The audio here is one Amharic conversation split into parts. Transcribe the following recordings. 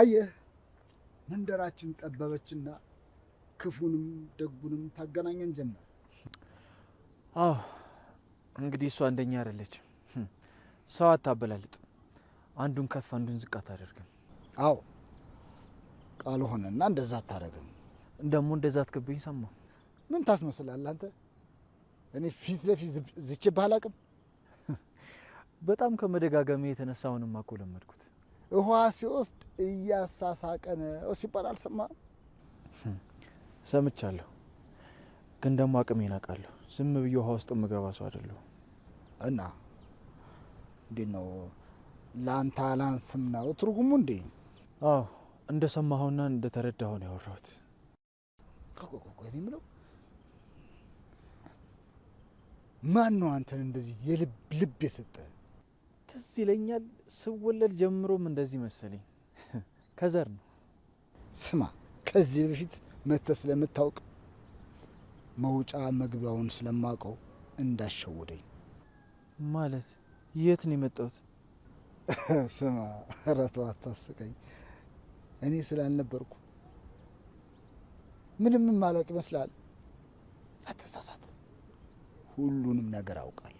አየህ መንደራችን ጠበበችና ክፉንም ደጉንም ታገናኘን ጀመር። አዎ እንግዲህ እሷ አንደኛ አይደለችም። hm፣ ሰው አታበላልጥ፣ አንዱን ከፍ አንዱን ዝቅ አታደርግም። አዎ ቃል ሆነና እንደዛ አታደርግም። ደግሞ እንደዛ አትከብኝ ሰማ። ምን ታስመስላለህ አንተ? እኔ ፊት ለፊት ዝቼ ባህል አቅም hm፣ በጣም ከመደጋጋሚ የተነሳውንም አቆ ለመድኩት ውሃ ሲወስድ እያሳሳቀን ውስ ሲባል አልሰማህም? ሰምቻለሁ፣ ግን ደግሞ አቅሜ ናቃለሁ። ዝም ብዬ ውሃ ውስጥ የምገባ ሰው አይደለሁም። እና እንዴት ነው ለአንተ አላንስም ነው ትርጉሙ እንዴ? አዎ እንደ ሰማሁና እንደ ተረዳሁ ነው ያወራሁት። ቆቆቆቆይ የምለው ማን ነው አንተን እንደዚህ የልብ ልብ የሰጠ? ትዝ ይለኛል ስወለድ ጀምሮም እንደዚህ መሰለኝ ከዘር ነው። ስማ ከዚህ በፊት መጥተህ ስለምታውቅ መውጫ መግቢያውን ስለማውቀው እንዳሸወደኝ። ማለት የት ነው የመጣሁት? ስማ ኧረ ተው አታስቀኝ። እኔ ስላልነበርኩ ምንም ማላውቅ ይመስላል። አትሳሳት፣ ሁሉንም ነገር አውቃል።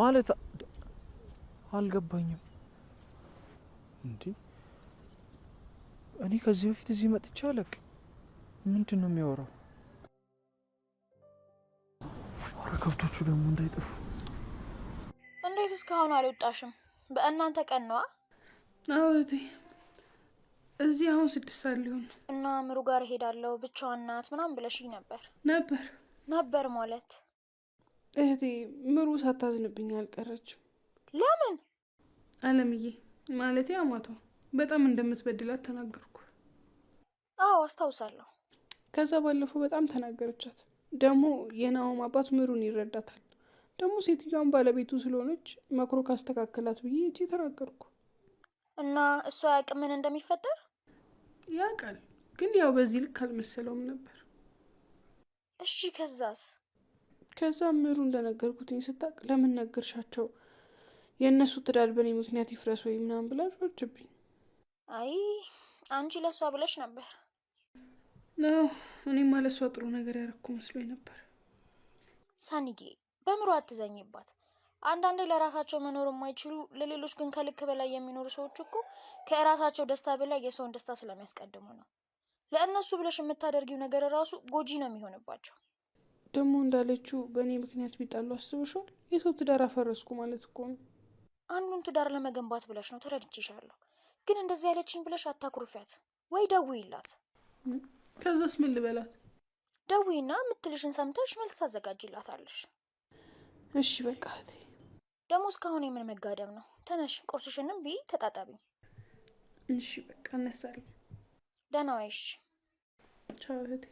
ማለት አልገባኝም። እንዴ እኔ ከዚህ በፊት እዚህ መጥቼ አለቅ ምንድን ነው የሚያወራው? ኧረ ከብቶቹ ደግሞ እንዳይጠፉ። እንዴት እስካሁን አልወጣሽም? በእናንተ ቀን ነዋ። እህቴ፣ እዚህ አሁን ስድስት ሰዓት ሊሆን እና ምሩ ጋር እሄዳለሁ ብቻዋን ናት ምናምን ብለሽኝ ነበር ነበር ነበር ማለት እህቴ ምሩ ሳታዝንብኝ አልቀረችም። ለምን አለምዬ? ማለቴ አማቷ በጣም እንደምትበድላት ተናገርኩ። አዎ አስታውሳለሁ። ከዛ ባለፈው በጣም ተናገረቻት። ደግሞ የናሆም አባት ምሩን ይረዳታል። ደግሞ ሴትዮዋን ባለቤቱ ስለሆነች መክሮ ካስተካከላት ብዬ እጄ ተናገርኩ እና እሷ ያውቅ ምን እንደሚፈጠር ያውቃል። ግን ያው በዚህ ልክ አልመሰለውም ነበር። እሺ ከዛስ ከዛ ምሩ እንደነገርኩትኝ ስታቅ ለምን ነገርሻቸው የእነሱ ትዳር በኔ ምክንያት ይፍረስ ወይ ምናምን ብላ ሾችብኝ። አይ አንቺ ለእሷ ብለሽ ነበር ነው። ለእሷ ጥሩ ነገር ያረኩ መስሎኝ ነበር። ሳኒጌ በምሮ አትዘኝባት። አንዳንዴ ለራሳቸው መኖር የማይችሉ ለሌሎች ግን ከልክ በላይ የሚኖሩ ሰዎች እኮ ከራሳቸው ደስታ በላይ የሰውን ደስታ ስለሚያስቀድሙ ነው። ለእነሱ ብለሽ የምታደርጊው ነገር ራሱ ጎጂ ነው የሚሆንባቸው። ደግሞ እንዳለችው በእኔ ምክንያት ቢጣሉ አስበሻል? የሰው ትዳር አፈረስኩ ማለት እኮ ነው። አንዱን ትዳር ለመገንባት ብለሽ ነው፣ ተረድቼሻለሁ። ግን እንደዚህ ያለችኝ ብለሽ አታኩርፊያት፣ ወይ ደውይላት። ከዛስ ምን ልበላት? ደውይና የምትልሽን ሰምተሽ መልስ ታዘጋጅላታለሽ። እሺ በቃ እህቴ። ደግሞ እስካሁን የምን መጋደም ነው? ተነሽ፣ ቁርስሽንም ብይ፣ ተጣጣቢ። እሺ በቃ እነሳለሁ። ደህና ዋይሽ። ቻው እህቴ።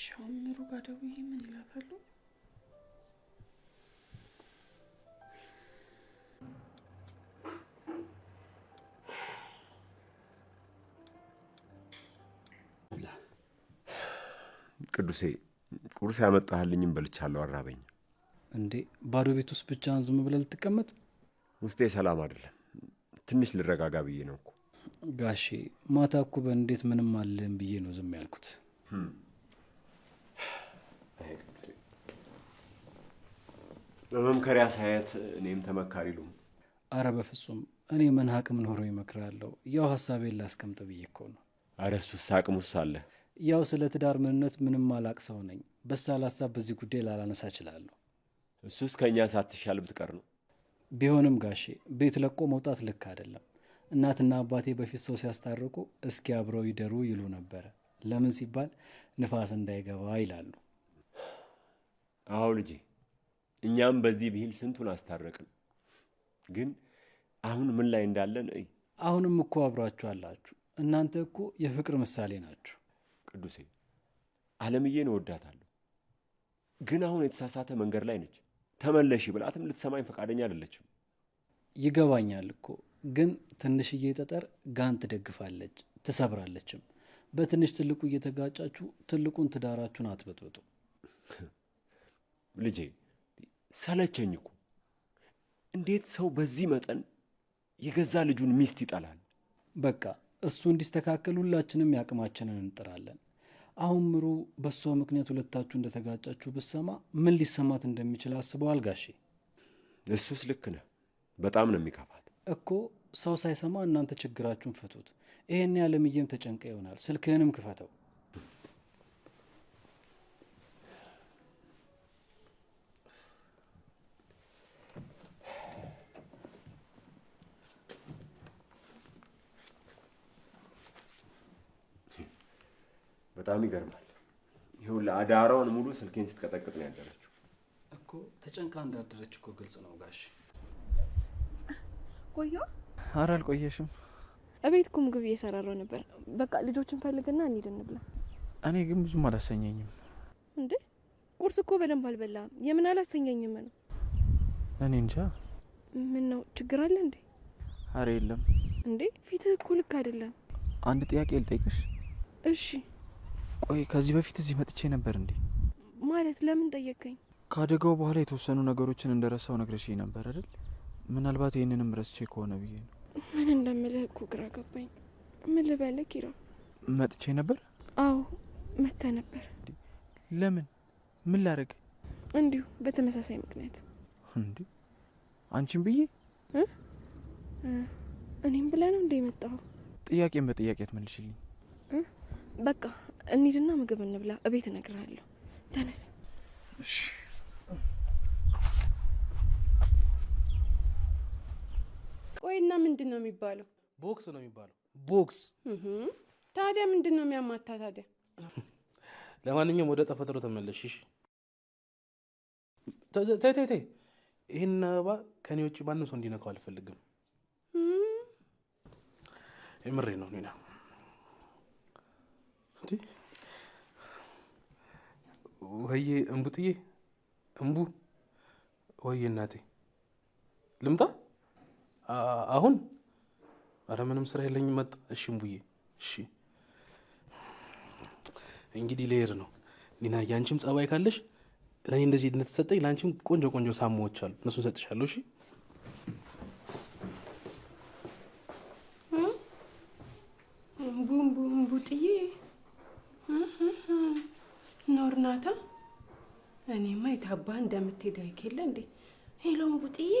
ሻምሩ ጋር ደውዬ ምን ይላታሉ? ቅዱሴ ቁርስ ያመጣህልኝም በልቻለሁ፣ አራበኝ። እንዴ ባዶ ቤት ውስጥ ብቻህን ዝም ብለህ ልትቀመጥ? ውስጤ ሰላም አይደለም፣ ትንሽ ልረጋጋ ብዬ ነው እኮ። ጋሼ ማታ እኮ በእንዴት ምንም አለን ብዬ ነው ዝም ያልኩት። hm በመምከሪያ ሳየት እኔም ተመካሪ ሉም። አረ በፍጹም እኔ ምን አቅም ኖሮ ይመክራለሁ? ያው ሀሳቤን ላስቀምጥ ብዬ እኮ ነው። አረ እሱስ አቅሙስ አለ። ያው ስለ ትዳር ምንነት ምንም አላቅ ሰው ነኝ። በሳል ሀሳብ በዚህ ጉዳይ ላላነሳ እችላለሁ። እሱስ ከእኛ ሳትሻል ብትቀር ነው። ቢሆንም ጋሼ ቤት ለቆ መውጣት ልክ አይደለም። እናትና አባቴ በፊት ሰው ሲያስታርቁ እስኪ አብረው ይደሩ ይሉ ነበረ። ለምን ሲባል ንፋስ እንዳይገባ ይላሉ። አዎ ልጄ እኛም በዚህ ብሂል ስንቱን አስታረቅን። ግን አሁን ምን ላይ እንዳለን እይ። አሁንም እኮ አብሯችሁ አላችሁ። እናንተ እኮ የፍቅር ምሳሌ ናችሁ። ቅዱሴ አለምዬን እወዳታለሁ፣ ግን አሁን የተሳሳተ መንገድ ላይ ነች። ተመለሺ ብላትም ልትሰማኝ ፈቃደኛ አይደለችም። ይገባኛል እኮ ግን ትንሽዬ ጠጠር ጋን ትደግፋለች፣ ትሰብራለችም። በትንሽ ትልቁ እየተጋጫችሁ ትልቁን ትዳራችሁን አትበጥብጡ ልጄ። ሰለቸኝ እኮ እንዴት ሰው በዚህ መጠን የገዛ ልጁን ሚስት ይጠላል? በቃ እሱ እንዲስተካከል ሁላችንም ያቅማችንን እንጥራለን። አሁን ምሩ በእሷ ምክንያት ሁለታችሁ እንደተጋጫችሁ ብሰማ ምን ሊሰማት እንደሚችል አስበዋል ጋሼ? እሱስ ልክ ነህ። በጣም ነው የሚከፋት እኮ ሰው ሳይሰማ እናንተ ችግራችሁን ፍቱት። ይሄን ያለምዬም ተጨንቀ ይሆናል። ስልክህንም ክፈተው በጣም ይገርማል። ይሁን ለአዳራውን ሙሉ ስልኬን ስትቀጠቅጥ ነው ያደረችው እኮ ተጨንቃ እንዳደረች እኮ ግልጽ ነው ጋሽ። ቆየ? ኧረ አልቆየሽም። እቤት እኮ ምግብ እየሰራረው ነበር። በቃ ልጆችን ፈልግና እንሂድ እንብላ። እኔ ግን ብዙም አላሰኘኝም። እንዴ ቁርስ እኮ በደንብ አልበላም። የምን አላሰኘኝም ነው? እኔ እንጃ። ምን ነው ችግር አለ እንዴ? አረ የለም። እንዴ ፊትህ እኮ ልክ አይደለም። አንድ ጥያቄ ልጠይቅሽ? እሺ ቆይ ከዚህ በፊት እዚህ መጥቼ ነበር እንዴ? ማለት ለምን ጠየቀኝ? ካደገው በኋላ የተወሰኑ ነገሮችን እንደረሳው ነግረሽኝ ነበር አይደል? ምናልባት ይህንንም ረስቼ ከሆነ ብዬ ነው። ምን እንደምልህ እኮ ግራ ገባኝ። ምን ልበልህ ኪራ? መጥቼ ነበር? አዎ መታ ነበር። ለምን? ምን ላረግ? እንዲሁ በተመሳሳይ ምክንያት። እንዲ አንቺን ብዬ እኔም ብለህ ነው እንደ የመጣኸው? ጥያቄን በጥያቄ አትመልሽልኝ። በቃ እንሂድና ምግብ እንብላ፣ እቤት እነግርሃለሁ። ተነስ። ቆይና ምንድን ነው የሚባለው? ቦክስ ነው የሚባለው። ቦክስ ታዲያ ምንድን ነው የሚያማታ? ታዲያ ለማንኛውም ወደ ተፈጥሮ ተመለስሽ። ተይ ተይ ተይ፣ ይህን አበባ ከኔ ውጭ ማንም ሰው እንዲነካው አልፈልግም። የምሬ ነው ኒና እንጂ ወይዬ ጥዬ እምቡ ወይ እናቴ ልምጣ አሁን አረ ምንም ስራ የለኝ መጣ እሺ እምቡዬ እሺ እንግዲህ ሌየር ነው ሊና ያንቺም ጸባይ ካለሽ ለኔ እንደዚህ እንደተሰጠኝ ለአንቺም ቆንጆ ቆንጆ ሳሞዎች አሉ እነሱን ሰጥሻለሁ እሺ ቡም ቡም ጥዬ ኖርናታ እኔማ የታባህ እንደምትሄድ አይኬለ እንዴ? ሄሎ ቡጥዬ፣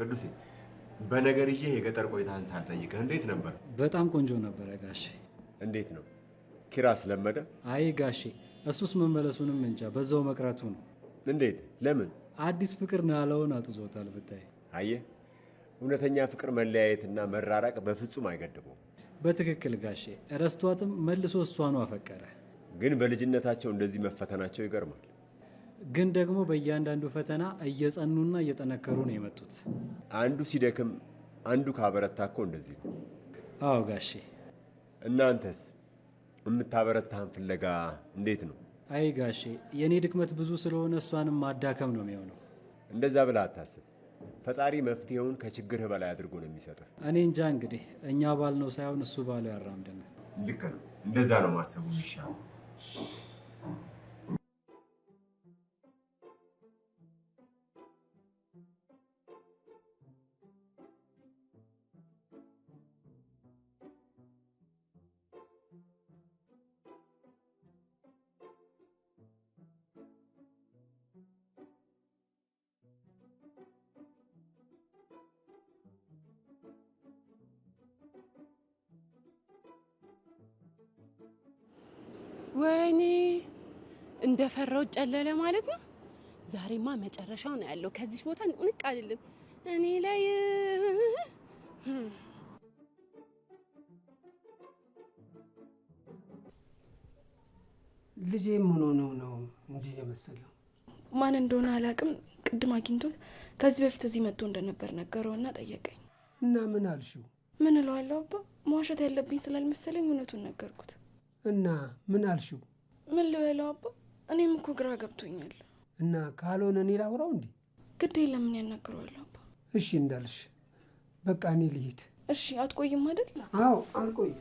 ቅዱሴ በነገርዬ የገጠር ቆይታህን ሳልጠይቅህ እንዴት ነበር? በጣም ቆንጆ ነበረ ጋሼ። እንዴት ነው ኪራ አስለመደ። አይ ጋሼ፣ እሱስ መመለሱንም እንጃ በዛው መቅረቱ ነው። እንዴት? ለምን? አዲስ ፍቅር ያለውን አጥዞታል ብታይ። አየህ፣ እውነተኛ ፍቅር መለያየትና መራራቅ በፍጹም አይገድመው። በትክክል ጋሼ፣ እረስቷትም መልሶ እሷኑ አፈቀረ። ግን በልጅነታቸው እንደዚህ መፈተናቸው ይገርማል። ግን ደግሞ በእያንዳንዱ ፈተና እየጸኑና እየጠነከሩ ነው የመጡት። አንዱ ሲደክም አንዱ ካበረታ እኮ እንደዚህ ነው። አዎ ጋሼ። እናንተስ የምታበረታን ፍለጋ እንዴት ነው? አይ ጋሼ፣ የእኔ ድክመት ብዙ ስለሆነ እሷንም ማዳከም ነው የሚሆነው። እንደዛ ብለህ አታስብ። ፈጣሪ መፍትሄውን ከችግርህ በላይ አድርጎ ነው የሚሰጥህ። እኔ እንጃ እንግዲህ እኛ ባልነው ሳይሆን እሱ ባለው ያራምደናል። ልክ ነው። እንደዛ ነው ማሰቡ ይሻላል። ወይኔ እንደፈራው ጨለለ ማለት ነው። ዛሬማ መጨረሻው ነው ያለው። ከዚህ ቦታ ንቅንቅ አይደለም እኔ ላይ ልጄ ምን ሆነው ነው እንጂ የመሰለው ማን እንደሆነ አላውቅም። ቅድም አግኝቶት ከዚህ በፊት እዚህ መጥቶ እንደነበር ነገረው እና ጠየቀኝ። እና ምን አልሽው? ምን እለዋለሁ አባ፣ መዋሸት ያለብኝ ስላልመሰለኝ እውነቱን ነገርኩት። እና ምን አልሽው? ምን ልበለው አባ፣ እኔም እኮ ግራ ገብቶኛል። እና ካልሆነ እኔ ላውራው እንዴ? ግዴ ለምን ያናግረዋለሁ አባ። እሺ እንዳልሽ፣ በቃ እኔ ልሂድ። እሺ አትቆይም አይደል? አዎ አልቆይ።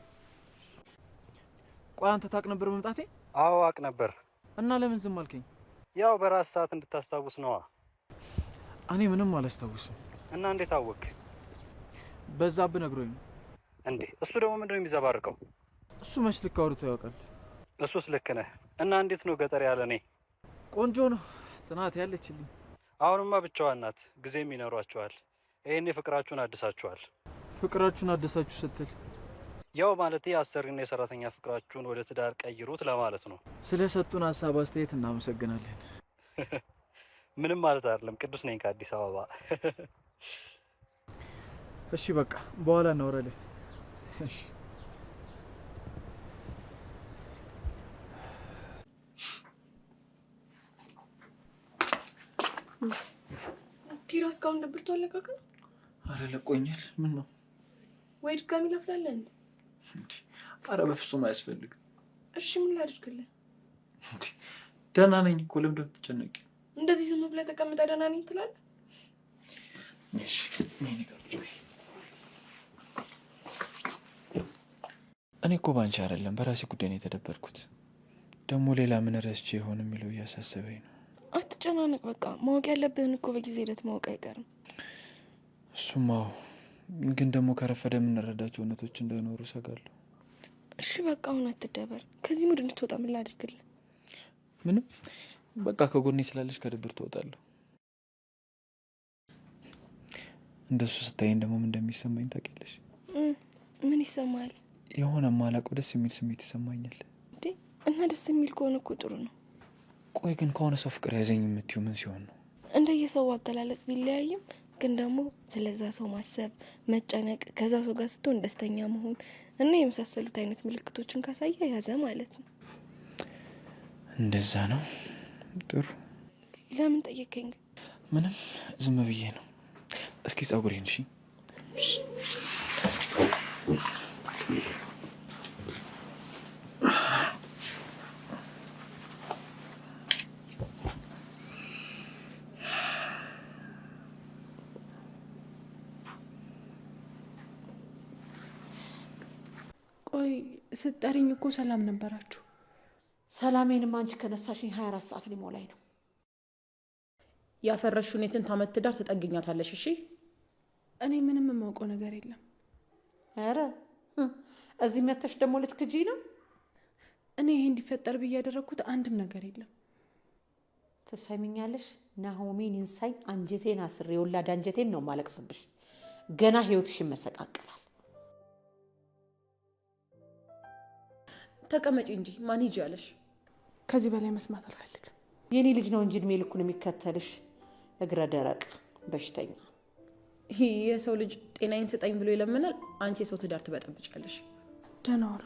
ቆይ አንተ ታውቅ ነበር መምጣቴ? አዎ አውቅ ነበር። እና ለምን ዝም አልከኝ? ያው በራስ ሰዓት እንድታስታውስ ነዋ። እኔ ምንም አላስታውስም። እና እንዴት አወቅ በዛ ብነግሮኝ እንዴ እሱ ደግሞ ምንድነው የሚዘባርቀው? እሱ መች ልክ አውርቶ ያውቃል። እሱስ ልክ ነህ። እና እንዴት ነው ገጠር ያለ እኔ? ቆንጆ ነው ጽናት ያለችልኝ። አሁንማ ብቻዋን ናት። ጊዜም ይኖሯቸዋል። ይሄኔ ፍቅራችሁን አድሳችኋል። ፍቅራችሁን አድሳችሁ ስትል ያው ማለት የአሰሪና የሰራተኛ ፍቅራችሁን ወደ ትዳር ቀይሩት ለማለት ነው። ስለ ሰጡን ሀሳብ አስተያየት እናመሰግናለን። ምንም ማለት አይደለም። ቅዱስ ነኝ ከአዲስ አበባ። እሺ በቃ በኋላ እናወራለን። እሺ ኪራ እስካሁን ድብርቱ አለቀቀ? አረ ለቆኛል። ምን ነው ወይ ድጋሚ ላፍላለን? አረ በፍጹም አያስፈልግም። እሺ ምን ላድርግልህ? ደህና ነኝ እኮ ለምደ ትጨነቂ? እንደዚህ ዝም ብለህ ተቀምጠ ደህና ነኝ ትላለህ? እኔ እኮ ባንቺ አይደለም በራሴ ጉዳይ ነው የተደበርኩት። ደግሞ ሌላ ምን ረስቼ ይሆን የሚለው እያሳሰበኝ ነው አትጨናነቅ። በቃ ማወቅ ያለብህን እኮ በጊዜ ሂደት ማወቅ አይቀርም። እሱማው ግን ደግሞ ከረፈደ የምንረዳቸው እውነቶች እንዳይኖሩ ሰጋለሁ። እሺ በቃ አሁን አትደበር። ከዚህ ሙድ እንድትወጣ ምን ላድርግልህ? ምንም በቃ ከጎኔ ስላለች ከድብር ትወጣለሁ። እንደሱ ስታይን ደግሞ ምን እንደሚሰማኝ ታውቂያለሽ? ምን ይሰማል? የሆነ ማላቆ ደስ የሚል ስሜት ይሰማኛል። እና ደስ የሚል ከሆነ እኮ ጥሩ ነው። ቆይ ግን ከሆነ ሰው ፍቅር ያዘኝ የምትዩ ምን ሲሆን ነው? እንደየሰው አገላለጽ ቢለያይም ግን ደግሞ ስለዛ ሰው ማሰብ፣ መጨነቅ፣ ከዛ ሰው ጋር ስትሆን ደስተኛ መሆን እና የመሳሰሉት አይነት ምልክቶችን ካሳየ ያዘ ማለት ነው። እንደዛ ነው። ጥሩ። ለምን ጠየቀኝ? ምንም ዝም ብዬ ነው። እስኪ ጸጉሬን እሺ ስጠሪኝ እኮ ሰላም ነበራችሁ። ሰላሜንም አንቺ ከነሳሽኝ ሀያ አራት ሰዓት ሊሞላኝ ነው። ያፈረሽውን የስንት ዓመት ትዳር ትጠግኛታለሽ? እሺ እኔ ምንም የማውቀው ነገር የለም። ኧረ እዚህ መተሽ ደግሞ ልትክጂ ነው? እኔ ይሄ እንዲፈጠር ብዬ ያደረግኩት አንድም ነገር የለም። ትሰሚኛለሽ ናሆሜን፣ እንሳይ አንጀቴን አስሬ የወላድ አንጀቴን ነው ማለቅስብሽ። ገና ህይወትሽ ይመሰቃቀላል። ተቀመጪ እንጂ ማን ሂጂ አለሽ? ከዚህ በላይ መስማት አልፈልግም። የኔ ልጅ ነው እንጂ እድሜ ልኩን የሚከተልሽ እግረ ደረቅ በሽተኛ። ይህ የሰው ልጅ ጤናዬን ስጠኝ ብሎ ይለምናል። አንቺ የሰው ትዳር ትበጠብጫለሽ። ደህና ዋሉ።